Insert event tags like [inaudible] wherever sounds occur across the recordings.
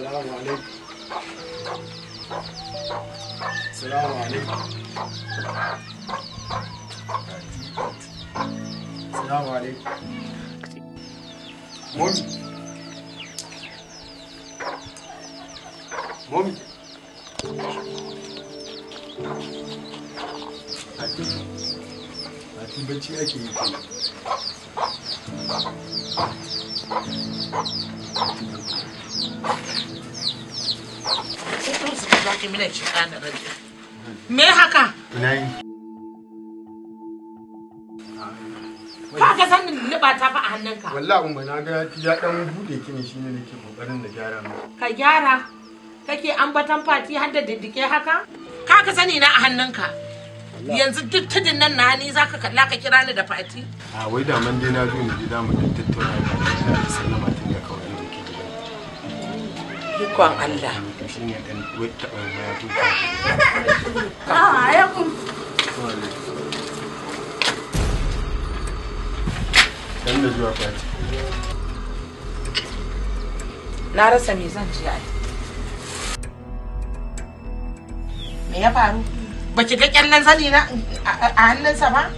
Salamu alaikum. A Thank you. Me haka? Ka ga sanin liba ta fa a hannunka. Wallahi umma na ga ya dan bude ki ne shine nake kokarin da gyara mu. Ka gyara? Kake ambatan fati har da diddike haka? Ka ga sani na a hannunka. Yanzu duk tudun nan na ni zaka kalla ka kira ni da fati. A ah, wai da man dai na zo ni gida mu tattauna sallama ta Ikon Allah. Na rasa me zan ce ai. Me ya faru? Baki ga kyallen sani na a hannunsa ba?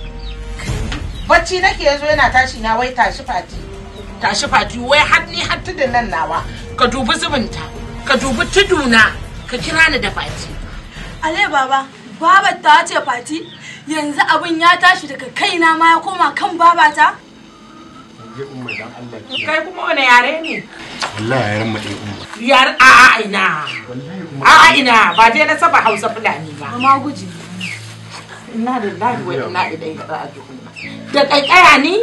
Bacci nake yazo yana tashi na wai tashi fati. Tashi fati wai har ni har tudun nan nawa. ka dubi zubinta ka dubi tuduna ka kira ni da fati ale baba baba ta ce fati yanzu abin ya tashi daga kaina ma ya koma kan babata kai kuma wani yare ne wallahi yaren maɗe umma yar a a ina a a ina ba dai na saba hausa fulani ba amma guji ina da lahi wa ina idan ka da da kaikaya ni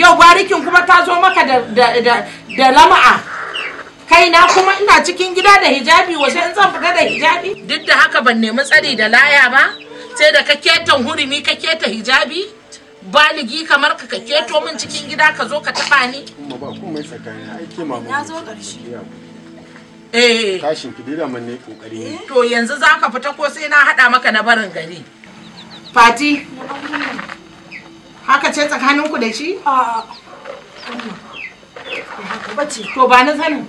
yau barikin kuma ta zo maka da da da lama'a kaina kuma ina cikin gida da hijabi waje in zan fita da hijabi duk da haka ban nemi tsari da laya ba sai da ka keta hurumi ka keta hijabi baligi kamar ka keto min cikin gida ka zo ka taba ni eh kashin ki dira man ne kokari to yanzu zaka fita ko sai na hada maka na barin gari fati haka ce tsakaninku da shi a'a to ba na sanin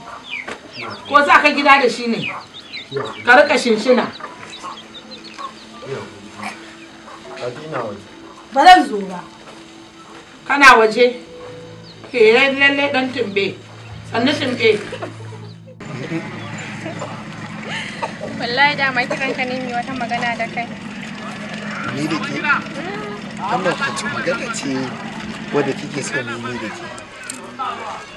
ko za ka gida da shi ne ka rika shinshina ba zan zo ba kana waje ke lalle dan tumbe sannu tumbe wallahi dama kiran ka ne wata magana da kai ni da ke wannan wata magana ce wadda kike so ne ni da ke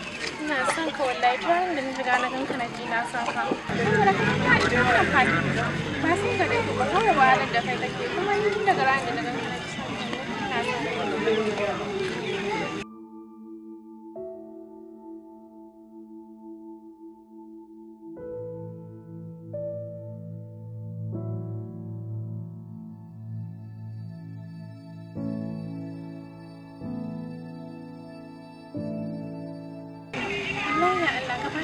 ina son ka wallahi duk da na riga na ganka na ji na son ka saboda kai ka ji mana fadi ba sai ka dake ba kawai wahalar da kai kake kuma ni daga ranar da na ganka na ji son ka ina son ka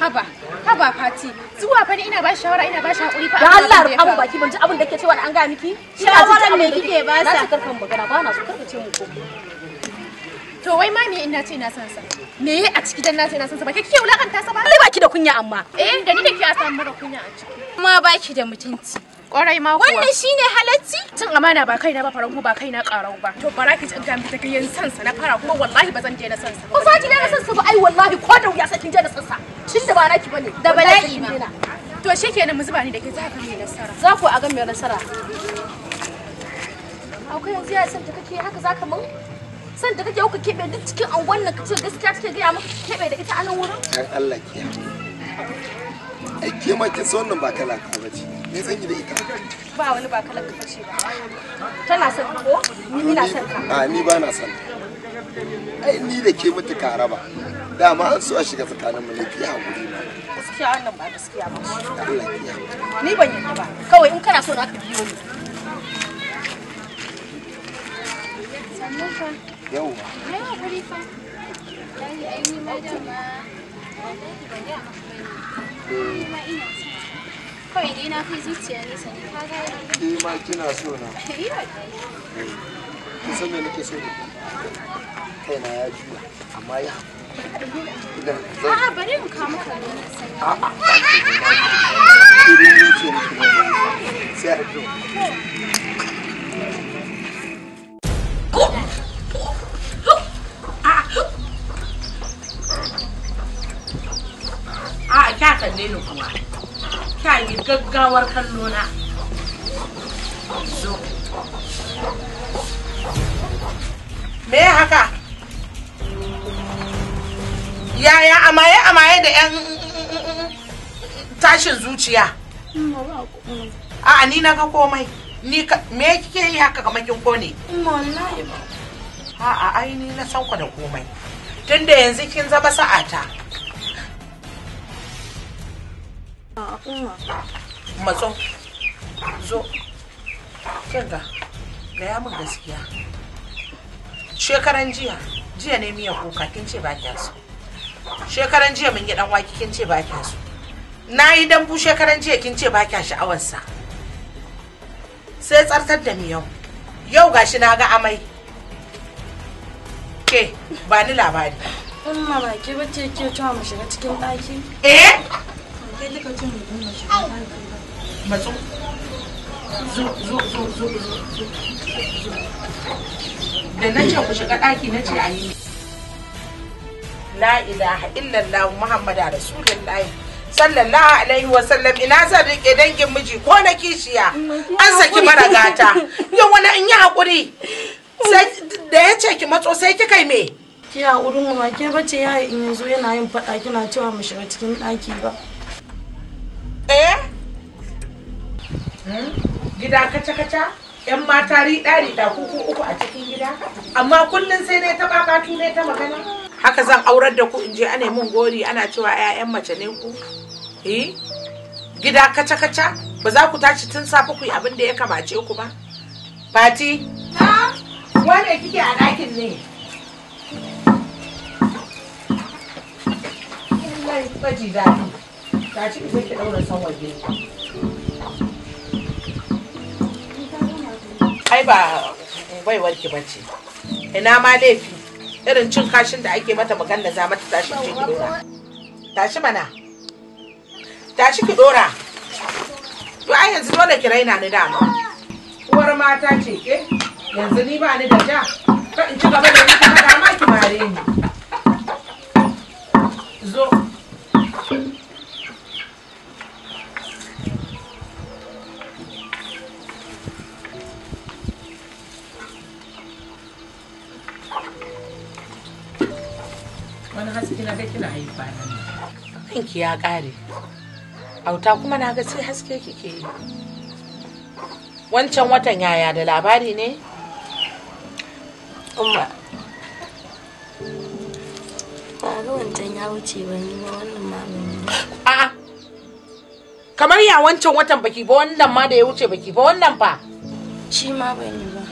haba haba fati zuwa fa ina ba shawara ina ba shawara fa da Allah rufa mu baki ban ji abin da kake cewa an ga miki shawara ne kike ba sa na ci karfan magana ba na so karkace mu ko to wai ma me ina ce ina san sa me yi a ciki dan na ce ina san sa ba kike wulakanta sa ba ni baki da kunya amma eh da ni da a samu mara kunya a ciki kuma baki da mutunci kwarai ma kuwa wannan shine halacci tun amana ba kaina ba faran ba kaina karau ba to baraki ki tsinka mi ta kayan san sa na fara kuma wallahi ba zan je na san sa ba ko fati na san sa ba ai wallahi ko da wuya sai kin je na san sa tun da ba naki bane da bala'i ma to shikenan mu zuba ni da ke za ka mai nasara za ku a ga mai nasara akwai yanzu ya san ta kake haka za ka mun san da kake kuka kebe duk cikin angon nan kace gaskiya take gaya maka kebe da ita a nan wurin ai Allah ki ai ke ma kin san wannan ba kala ka ce, me zan yi da ita ba wani ba kala ka ba. tana son ko ni ina son ka a ni ba na son ai ni da ke mutu ka raba dama an so a shiga tsakanin mu laifi ya hakuri ma gaskiya wannan ba gaskiya ba ni ban ba kawai in kana so na ka biyo ni yau ba fa kawai dai na zuciya ne sani ka ni ma kina so na [laughs] eh. ki san me nake so da kaina ya juya amma ya A'a A'a. a ji. kalle ni kuma. Kya yi gaggawar kallo na. Me haka? yaya amaye amaye da yan tashin zuciya a ni na ga komai ni me kike yi haka kamar kin kone wallahi ba a a ai ni na sauka da komai tunda yanzu kin zama sa'ata matso zo kinga gaya min gaskiya shekaran jiya jiya ne miya kuka kin ce ba ki so shekaran jiya mun yi dan waki kin ce ba kya su na yi dambu shekaran jiya kin ce ba kya sha'awarsa sai tsartar da miyau yau gashi na ga amai ke ba ni labari umma ba ke bace ke cewa mu shiga cikin ɗaki eh ke lika cin mu mu shiga ɗaki matsu zo zo zo zo zo da na ku shiga ɗaki na ce a yi la ilaha illallah muhammada rasulullah sallallahu alaihi wa sallam ina zan rike dangin miji ko na kishiya an saki mara gata yau wani in yi hakuri da ya ce ki matso sai kika me ki mu ma ke bace ya in yanzu yana yin fada kina cewa mu shiga cikin daki ba eh gida kaca kaca yan mata ri dari da kuku uku a cikin gida amma kullun sai ne ta babatu ne ta magana haka zan aurar da ku in je ana mun gori ana cewa 'ya'yan mace ne ku eh gida kaca-kaca ba za ku tashi tun safe ku yi abin da ya kamace ku ba fati na wanda kike a ɗakin ne ai ba bai warki bace ina ma laifi irin cin kashin da ake mata maganda za mata tashi ki dora tashi mana tashi ki dora to ai yanzu dole ki raina ni dama uwar mata ce ke yanzu ni ba ni da ja ka in ci gaba da ni ka ma ki mare ni zo ki ya kare auta kuma na ga sai haske kike yi wancan watan yaya da labari ne umma ba ga wancan ya wuce ba ni ma wannan ma a kamar ya wancan watan baki ba wannan ma da ya wuce baki ba wannan fa shi ma ba ni ba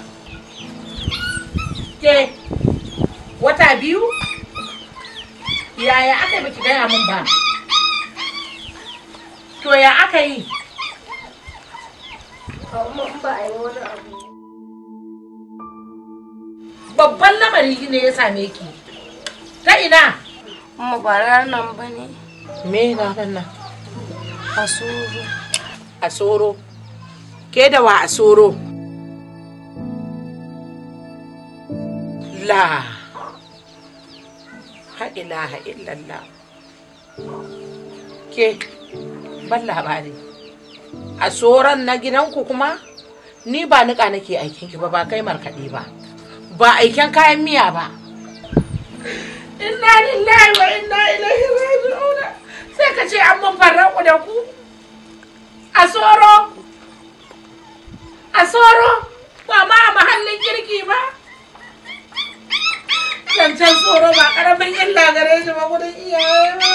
ke wata biyu yaya aka baki gaya min ba to ya aka yi babban lamari ne ya same ki ta ina mubarar nan ba ne me na nan asoro asoro ke da wa asoro la ha ilaha illallah ke ban labari a tsoron na gidanku kuma ni ba niƙa nake aikin ki ba ba kai markaɗe ba ba aiken kayan miya ba inna lillahi wa inna ilaihi raji'un sai ka ce an mun ku da ku a tsoro a tsoro ba ma a mahallin kirki ba zancen tsoro ba ƙaramin illa gare shi ba gudun iyaye ba